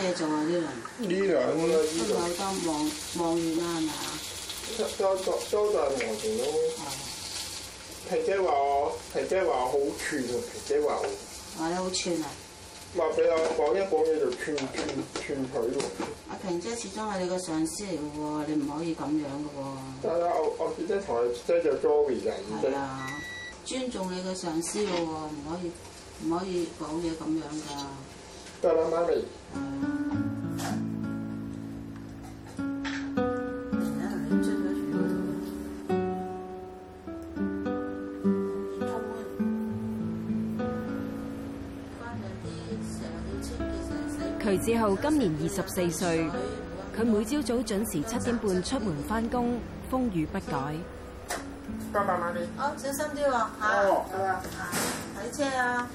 咩仲啊呢兩個？呢兩啦，都望望遠啊，係咪啊？周周周周大同做咯。平姐話我，我，平姐話我好串喎，平姐話我。啊！你好串啊！話俾我講一講嘢就串串串佢喎。阿平、啊、姐始終係你個上司嚟嘅喎，你唔可以咁樣嘅喎。係我我姐同阿姐就作、是、為人。係、啊、即尊重你嘅上司喎，唔可以唔可以講嘢咁樣㗎。得啦，媽咪。嗯。志浩今年二十四歲，佢每朝早準時七點半出門翻工，風雨不改。拜拜，媽咪。好，小心啲喎，吓。係啊，睇車啊。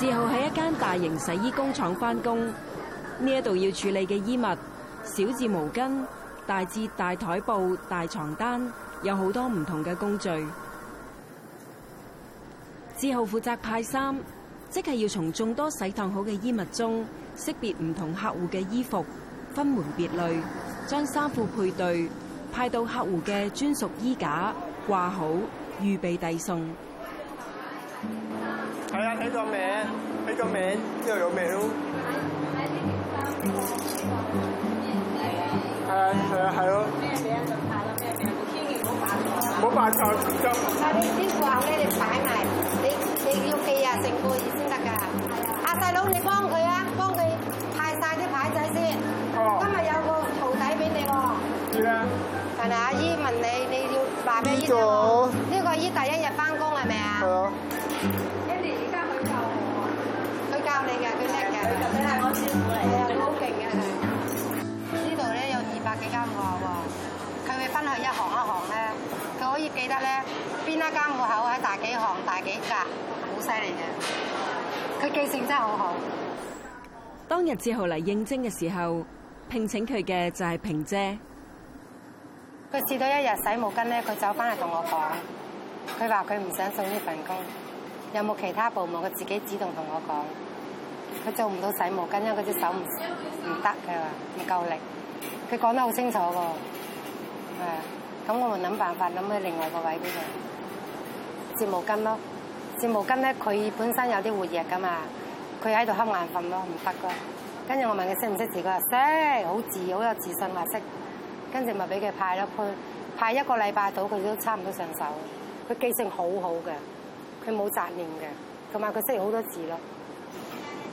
志浩喺一間大型洗衣工廠翻工。呢一度要處理嘅衣物，小至毛巾，大至大台布、大床單，有好多唔同嘅工序。之後負責派衫，即係要從眾多洗燙好嘅衣物中，識別唔同客戶嘅衣服，分門別類，將衫褲配對，派到客戶嘅專屬衣架掛好，預備遞送。睇下睇左名，睇 名樂，面，又有面係啊，係咯。咩嘢嘢啊？就派啦咩嘢嘢？你千祈唔好犯錯，唔好犯錯，小心啲啲後咧，你擺埋。你你要記啊，成個夜先得㗎。係啊。阿細佬，你幫佢啊，幫佢派晒啲牌仔先。哦。今日有個徒弟俾你喎。知啦。係咪阿姨問你你要話俾嘢啊？呢、嗯啊這個呢、呢個阿姨第一日翻。一行一行咧，佢可以記得咧邊一間戶口喺大幾行大幾格，好犀利嘅。佢記性真係好好。當日志浩嚟應徵嘅時候，聘請佢嘅就係平姐。佢試到一日洗毛巾咧，佢走翻嚟同我講，佢話佢唔想做呢份工。有冇其他部門？佢自己主動同我講，佢做唔到洗毛巾，因為佢隻手唔唔得嘅，話唔夠力。佢講得好清楚嘅。係啊，咁、嗯、我咪諗辦法，諗喺另外個位嗰度摺毛巾咯。摺毛巾咧，佢本身有啲活躍噶嘛，佢喺度瞌眼瞓咯，唔得㗎。跟住我問佢識唔識字，佢話識，好字，好有自信話識。跟住咪俾佢派咯，佢派一個禮拜到，佢都差唔多上手。佢記性好好嘅，佢冇雜念嘅，同埋佢識好多字咯，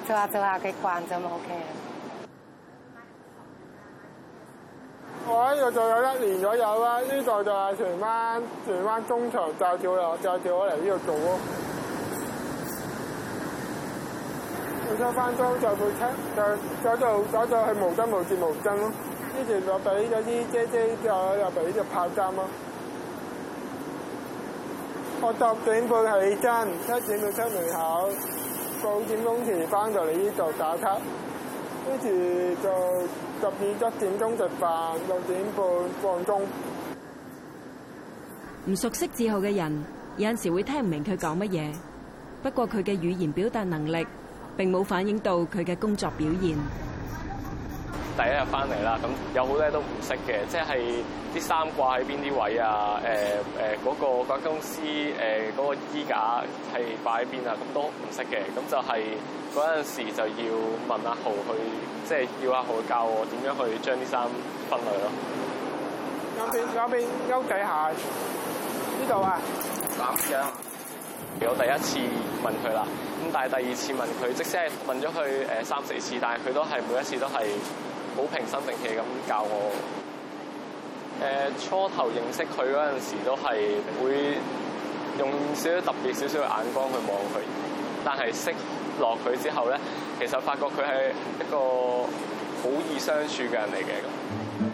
做下做下。就話就話佢慣就 OK。我喺呢度做咗一年左右啦，呢度就係荃灣，荃灣工場就叫我，就叫我嚟呢度做咯。做咗翻工就冇出，就去，就就無針無線無增咯。之前俾咗啲姐姐，之後又俾咗拍針咯。我十點半起身，七點到出門口，九點鐘前翻到嚟呢度打卡。跟住就十二一點鐘食飯，六點半放工。唔熟悉志浩嘅人有陣時會聽唔明佢講乜嘢，不過佢嘅語言表達能力並冇反映到佢嘅工作表現。第一日翻嚟啦，咁有好多都唔識嘅，即係啲衫掛喺邊啲位啊？嗰、呃呃嗰個掛、嗰個、公司嗰、呃嗰個衣架係擺喺邊啊？咁都唔識嘅，咁就係嗰陣時就要問阿豪去，即係叫阿豪教我點樣去將啲衫分類咯。啱邊啱邊？邊勾幾下，呢度啊？三張。我第一次問佢啦，咁但係第二次問佢，即使係問咗佢三四次，但係佢都係每一次都係。好平心定氣咁教我。誒，初頭認識佢嗰陣時，都係會用少少特別少少嘅眼光去望佢，但係識落佢之後咧，其實發覺佢係一個好易相處嘅人嚟嘅。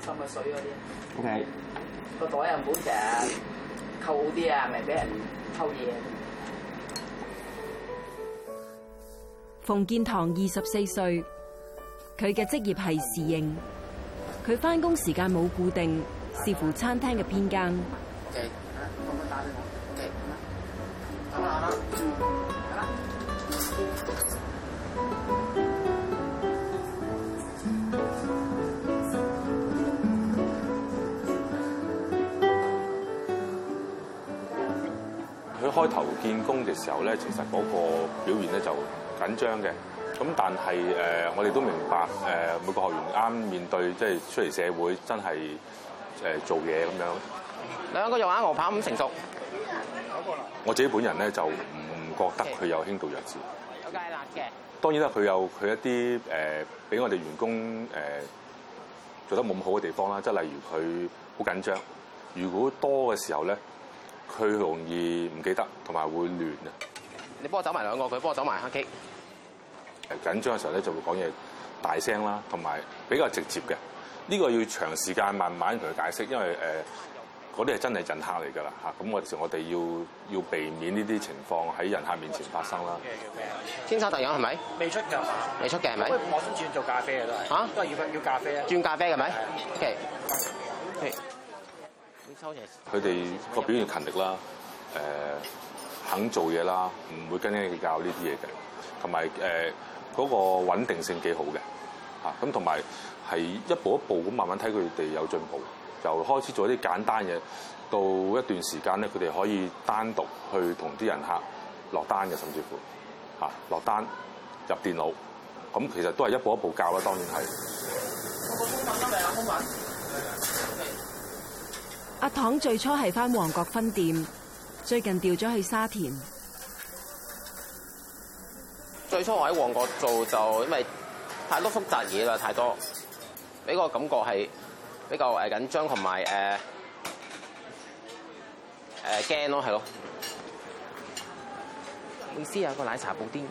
浸嘅水嗰啲，個 Okay 袋又唔好成扣啲啊，咪俾人偷嘢。馮健溏二十四歲，佢嘅職業係侍應，佢返工時間冇固定，視乎餐廳嘅編更。Okay. Okay. Okay. Okay. Okay. Okay. 開頭見工嘅時候咧，其實嗰個表現咧就緊張嘅。咁但係誒，我哋都明白誒每個學員啱面對即係出嚟社會，真係誒做嘢咁樣。兩個肉眼牛扒五成熟。我自己本人咧就唔覺得佢有輕度弱智。有芥辣嘅。當然啦，佢有佢一啲誒俾我哋員工誒、呃、做得冇咁好嘅地方啦，即係例如佢好緊張。如果多嘅時候咧。佢容易唔記得，同埋會亂啊！你幫我走埋兩個佢，佢幫我走埋。OK。緊張嘅時候咧就會講嘢大聲啦，同埋比較直接嘅。呢、呢個要長時間慢慢同佢解釋，因為誒嗰啲係真係人客嚟㗎啦嚇。咁我哋我哋要要避免呢啲情況喺人客面前發生啦。叫咩啊？天差大飲係咪？出出未出嘅未出嘅係咪？我先轉做咖啡嘅都係。嚇！都係、啊、要要咖啡啊！轉咖啡係咪的？OK。Okay. 佢哋個表現勤力啦，誒、呃、肯做嘢啦，唔會斤斤計較呢啲嘢嘅，同埋誒嗰個穩定性幾好嘅，嚇咁同埋係一步一步咁慢慢睇佢哋有進步，由開始做一啲簡單嘢，到一段時間咧，佢哋可以單獨去同啲人客落單嘅，甚至乎嚇落單入電腦，咁、啊、其實都係一步一步教啦，當然係。阿溏最初係返旺角分店，最近調咗去沙田。最初我喺旺角做就，因為太多複雜嘢啦，太多，俾個感覺係比較誒緊張同埋誒誒驚咯，係咯、呃呃。意思有一個奶茶鋪店，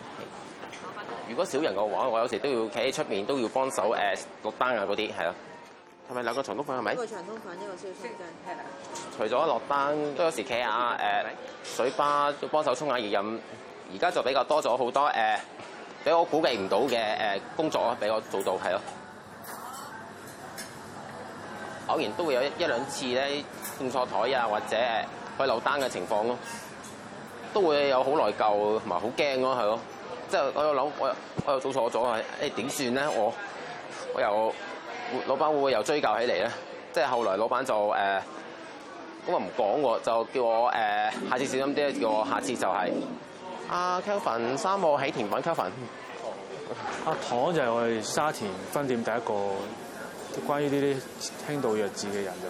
如果少人嘅話，我有時都要企喺出面，都要幫手誒落單啊嗰啲，係咯。係咪兩個長通粉係咪？是是一個長通粉，一個消息。係啦。除咗落單，都有時企下誒水吧，幫手沖下熱飲。而家就比較多咗好多誒，俾、呃、我估計唔到嘅誒、呃、工作俾我做到係咯。偶然都會有一一兩次咧出錯枱啊，或者佢漏單嘅情況咯、啊，都會有好內疚同埋好驚咯，係咯、啊。即係、就是、我又諗，我又我又做錯咗係誒點算咧？我我又。老闆會唔會又追究起嚟咧？即係後來老闆就誒，咁啊唔講喎，就叫我誒、呃、下次小心啲，叫我下次就係阿 Kevin 三號喺甜品 Kevin，阿溏就係我哋沙田分店第一個，關於呢啲輕度弱智嘅人就，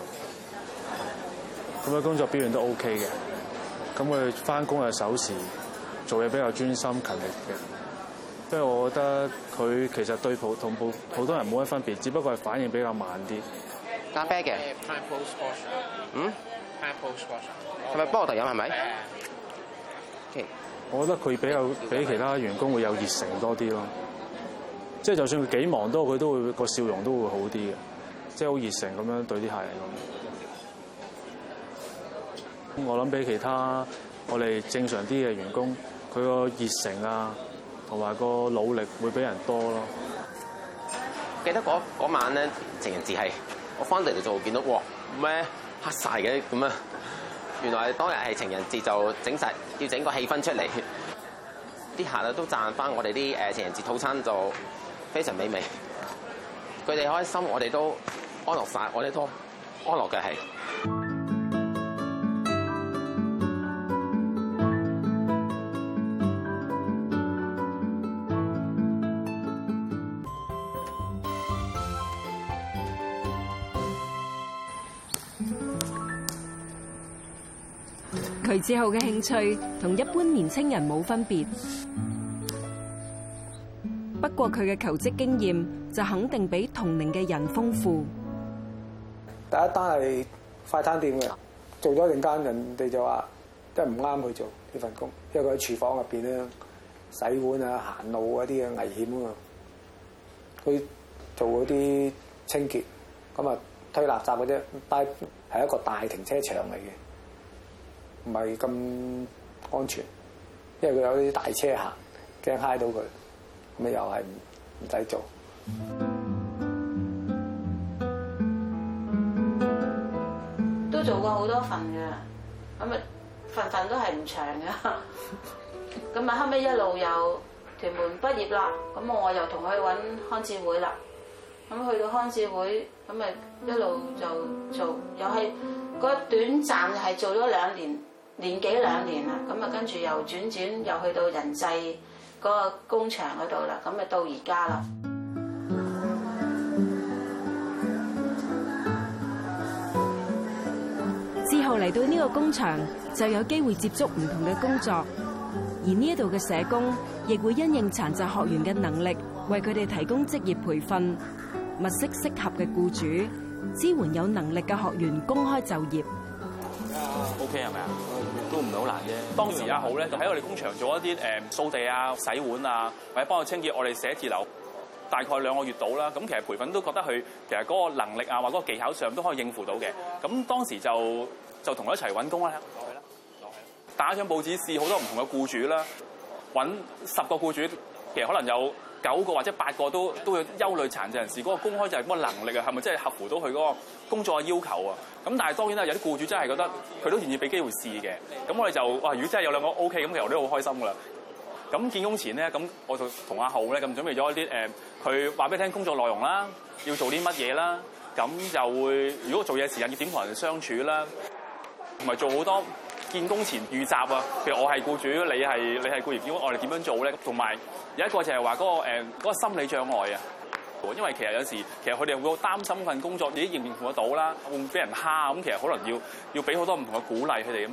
咁、那、樣、個、工作表現都 OK 嘅，咁佢翻工嘅守時，做嘢比較專心勤力嘅。即係我覺得佢其實對普同普普通人冇乜分別，只不過係反應比較慢啲。打啤嘅。嗯？係咪幫我哋飲係咪？我覺得佢比較比其他員工會有熱誠多啲咯。即係就算佢幾忙都，佢都會個笑容都會好啲嘅，即係好熱誠咁樣對啲客人咁。我諗比其他我哋正常啲嘅員工，佢個熱誠啊～同埋個努力會比人多咯。記得嗰晚咧，情人節係我翻嚟就見到哇，咩黑曬嘅咁啊！原來當日係情人節就整曬要整個氣氛出嚟，啲客啊都讚翻我哋啲情人節套餐就非常美味，佢哋開心，我哋都安樂曬，我哋都安樂嘅係。瞿志浩嘅興趣同一般年青人冇分別，不過佢嘅求職經驗就肯定比同齡嘅人豐富。第一單係快餐店嘅，做咗一陣間，人哋就話即係唔啱去做呢份工，因為佢喺廚房入邊咧洗碗啊、行路啊啲嘢危險啊嘛。佢做嗰啲清潔，咁啊推垃圾嘅啫，但係係一個大停車場嚟嘅。唔係咁安全，因為佢有啲大車行，驚嗨到佢，咁又係唔使做，都做過好多份嘅，咁啊份份都係唔長嘅，咁啊 後尾一路又屯門畢業啦，咁我又同佢揾康治會啦，咁去到匡智會，咁咪一路就做，又係個短暫係做咗兩年。年幾兩年啦，咁啊跟住又轉轉，又去到人際嗰個工場嗰度啦，咁啊到而家啦。之後嚟到呢個工場就有機會接觸唔同嘅工作，而呢一度嘅社工亦會因應殘疾學員嘅能力，為佢哋提供職業培訓，物色適合嘅僱主，支援有能力嘅學員公開就業。啊，OK 係咪啊？都唔係好難啫。當時阿浩咧，就喺我哋工場做一啲誒掃地啊、洗碗啊，或者幫我清潔我哋寫字樓，大概兩個月到啦。咁其實培訓都覺得佢其實嗰個能力啊或嗰個技巧上都可以應付到嘅。咁當時就就同佢一齊揾工啦。過去啦，過去。打張報紙試好多唔同嘅僱主啦，揾十個僱主，其實可能有。九個或者八個都都要憂慮殘疾人士，嗰、那個公開就係乜能力啊？係咪真係合乎到佢嗰個工作嘅要求啊？咁但係當然啦，有啲僱主真係覺得佢都願意俾機會試嘅。咁我哋就哇，如果真係有兩個 OK，咁其實我都好開心噶啦。咁見工前咧，咁我就同阿浩咧咁準備咗一啲誒，佢話俾你聽工作內容啦，要做啲乜嘢啦，咁就會如果做嘢時間要點同人哋相處啦，同埋做好多。見工前預習啊，譬如我係僱主，你係你係僱員，咁我哋點樣做咧？同埋有一個就係話嗰個誒、呃嗰個、心理障礙啊，因為其實有時其實佢哋會好擔心份工作，咦應唔應付得到啦？會唔會俾人蝦？咁其實可能要要俾好多唔同嘅鼓勵佢哋咁。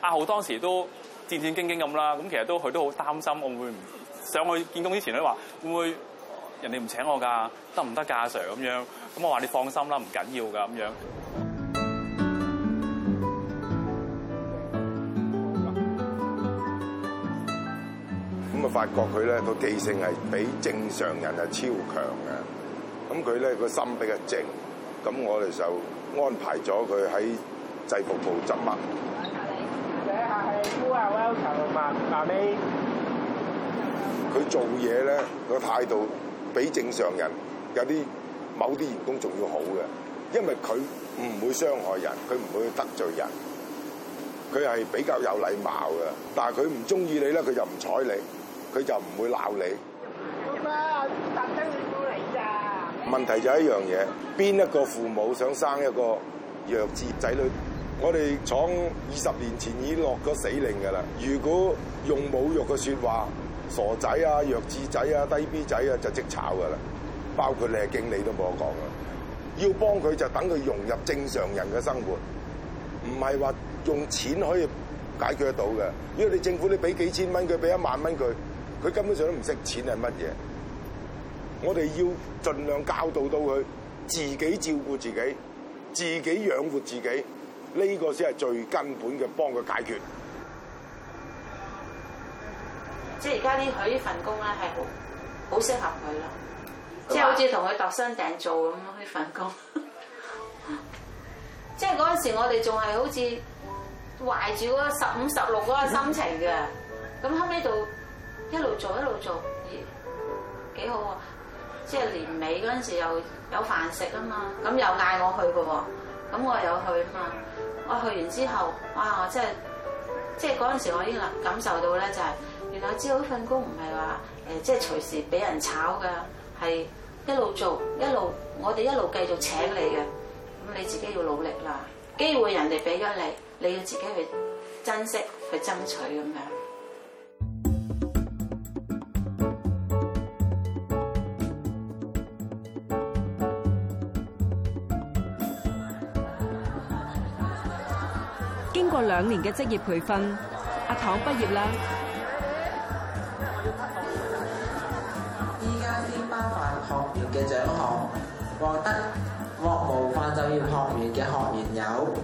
阿、啊、浩當時都戰戰兢兢咁啦，咁其實都佢都好擔心，我會唔上去見工之前咧話會唔會人哋唔請我㗎？得唔得㗎，阿 Sir 咁樣？咁我話你放心啦，唔緊要㗎咁樣。發覺佢咧個記性係比正常人係超強嘅，咁佢咧個心比較靜，咁我哋就安排咗佢喺制服部執物。我求你，這下係 Who Are You 求問問你。佢做嘢咧個態度比正常人有啲某啲員工仲要好嘅，因為佢唔會傷害人，佢唔會得罪人，佢係比較有禮貌嘅。但係佢唔中意你咧，佢就唔睬你。佢就唔會鬧你。問題就係一樣嘢，邊一個父母想生一個弱智仔女？我哋廠二十年前已經落咗死令㗎啦。如果用侮辱嘅說話，傻仔啊、弱智仔啊、低 B 仔啊，就即炒㗎啦。包括你係經理都冇得講㗎。要幫佢就等佢融入正常人嘅生活，唔係話用錢可以解決得到嘅。如果你政府你俾幾千蚊佢，俾一萬蚊佢。佢根本上都唔識錢係乜嘢，我哋要盡量教導到佢自己照顧自己，自己養活自己，呢個先係最根本嘅幫佢解決。即係而家啲佢呢份工咧係好，好適合佢囉，即係吧好似同佢度身訂做咁呢份工。即係嗰陣時我們還是，我哋仲係好似懷住嗰十五十六嗰個心情嘅，咁 後尾就。一路做一路做，幾好喎，啊！即係年尾嗰陣時又有飯食啊嘛，咁又嗌我去嘅喎，咁我又去啊嘛。我去完之後，哇！我真係即係嗰陣時，我已經感受到咧，就係原來知道呢份工唔係話誒，即係隨時俾人炒嘅，係一路做一路，我哋一路繼續請你嘅。咁你自己要努力啦，機會人哋俾咗你，你要自己去珍惜去爭取咁樣。兩年嘅職業培訓，阿溏畢業啦。依家頒發學員嘅獎項，獲得獲模範就業學員嘅學員有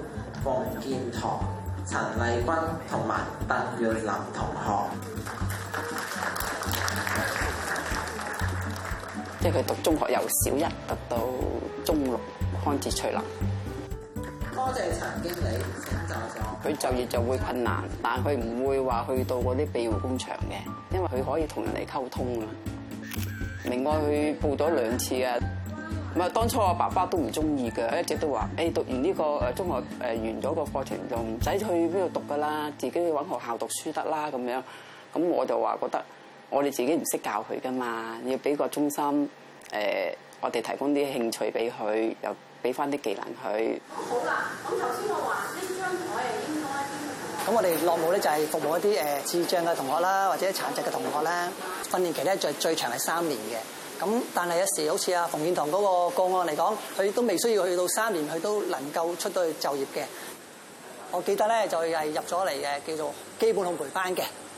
馮健溏、陳麗君同埋鄧瑞林同學。即係佢讀中學由小一讀到中六，康捷翠林。多謝陳經理，請就。佢就業就會困難，但佢唔會話去到嗰啲庇護工場嘅，因為佢可以同人哋溝通啊。另外，佢報咗兩次啊。唔係，當初我爸爸都唔中意噶，一直都話，誒讀完呢個誒中學誒完咗個課程就唔使去邊度讀噶啦，自己去揾學校讀書得啦咁樣。咁我就話覺得，我哋自己唔識教佢噶嘛，要俾個中心誒、呃，我哋提供啲興趣俾佢，又俾翻啲技能佢。好啦，咁頭先我話。咁我哋落帽咧就係服務一啲誒智障嘅同學啦，或者殘疾嘅同學咧。訓練期咧最最長係三年嘅。咁但係有時好似阿馮健溏嗰個個案嚟講，佢都未需要去到三年，佢都能夠出到去就業嘅。我記得咧就係、是、入咗嚟嘅叫做基本控培班嘅。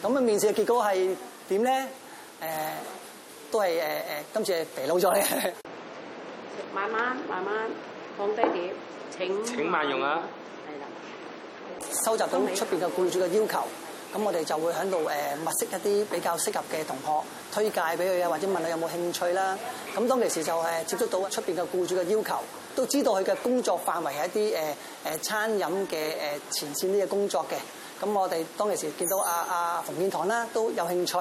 咁啊，面試嘅結果係點咧？誒，都係誒誒，今次係肥佬咗咧。慢慢慢慢放低啲，請請慢用啊！係啦，收集到出邊嘅僱主嘅要求，咁我哋就會喺度誒物色一啲比較適合嘅同學推介俾佢啊，或者問佢有冇興趣啦。咁當其時就係接觸到出邊嘅僱主嘅要求，都知道佢嘅工作範圍係一啲誒誒餐飲嘅誒前線呢個工作嘅。咁我哋當其時見到阿阿馮建堂啦，都有興趣，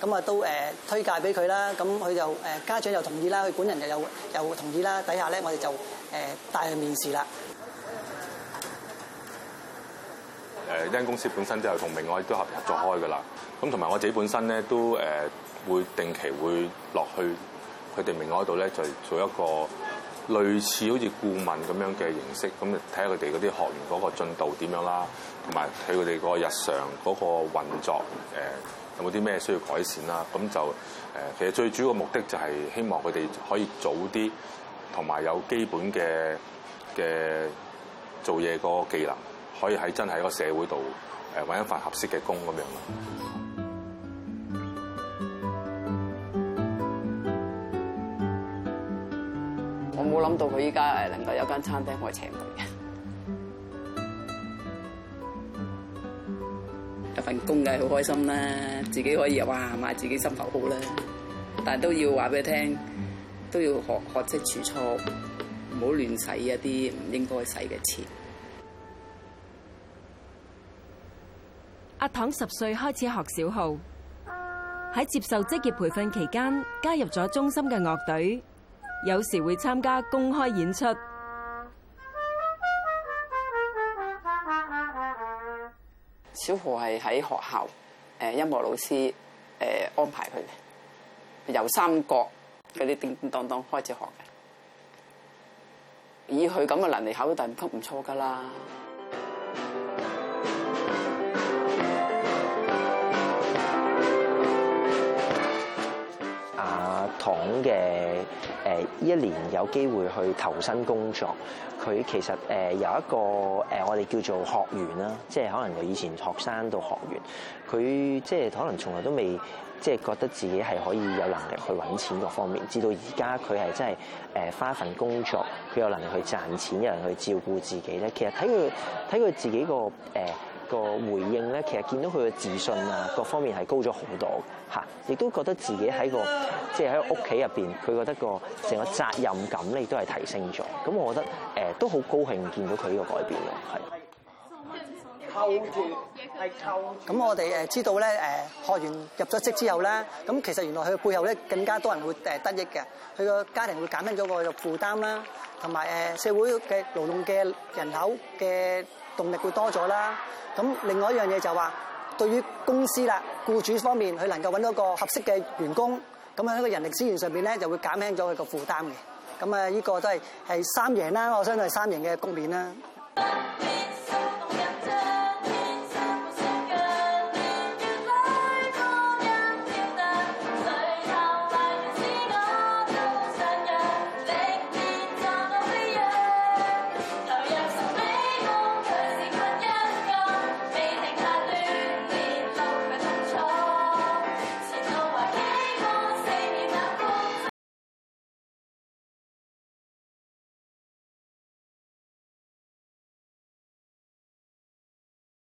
咁啊都推介俾佢啦。咁佢就、呃、家長又同意啦，佢本人又有又同意啦。底下咧我哋就帶、呃、去面試啦。誒、呃，因公司本身就同明愛都合作開噶啦。咁同埋我自己本身咧都誒會定期會落去佢哋明愛度咧，就做一個類似好似顧問咁樣嘅形式。咁睇下佢哋嗰啲學員嗰個進度點樣啦。同埋佢哋個日常嗰個運作，有冇啲咩需要改善啦？咁就其實最主要嘅目的就係希望佢哋可以早啲，同埋有基本嘅嘅做嘢個技能，可以喺真係個社會度誒搵一份合適嘅工咁樣。我冇諗到佢依家能夠有間餐廳可以請佢。份工梗係好開心啦，自己可以哇買自己心頭好啦，但係都要話俾佢聽，都要學學識儲蓄，唔好亂使一啲唔應該使嘅錢。阿溏十歲開始學小號，喺接受職業培訓期間加入咗中心嘅樂隊，有時會參加公開演出。小何係喺學校，誒，音樂老師誒、呃、安排佢嘅，由三角嗰啲叮叮當當開始學嘅，以佢咁嘅能力考到第五級唔錯㗎啦。阿溏嘅。誒一年有機會去投身工作，佢其實誒有一個誒我哋叫做學員啦，即係可能由以前學生到學員，佢即係可能從來都未即係覺得自己係可以有能力去揾錢各方面，至到而家佢係真係花份工作，佢有能力去賺錢，有能力去照顧自己咧。其實睇佢睇佢自己個誒。呃個回應咧，其實見到佢嘅自信啊，各方面係高咗好多嘅吓，亦都覺得自己喺個即係喺屋企入邊，佢、就是、覺得個成個責任感咧亦都係提升咗。咁我覺得誒都好高興見到佢呢個改變嘅係。扣住係扣。咁我哋誒知道咧誒，學完入咗職之後咧，咁其實原來佢嘅背後咧更加多人會誒得益嘅，佢個家庭會減輕咗個負擔啦，同埋誒社會嘅勞動嘅人口嘅。動力會多咗啦，咁另外一樣嘢就話，對於公司啦、僱主方面，佢能夠搵到個合適嘅員工，咁喺呢個人力資源上邊咧，就會減輕咗佢個負擔嘅。咁啊，呢個都係係三贏啦，我相信係三贏嘅局面啦。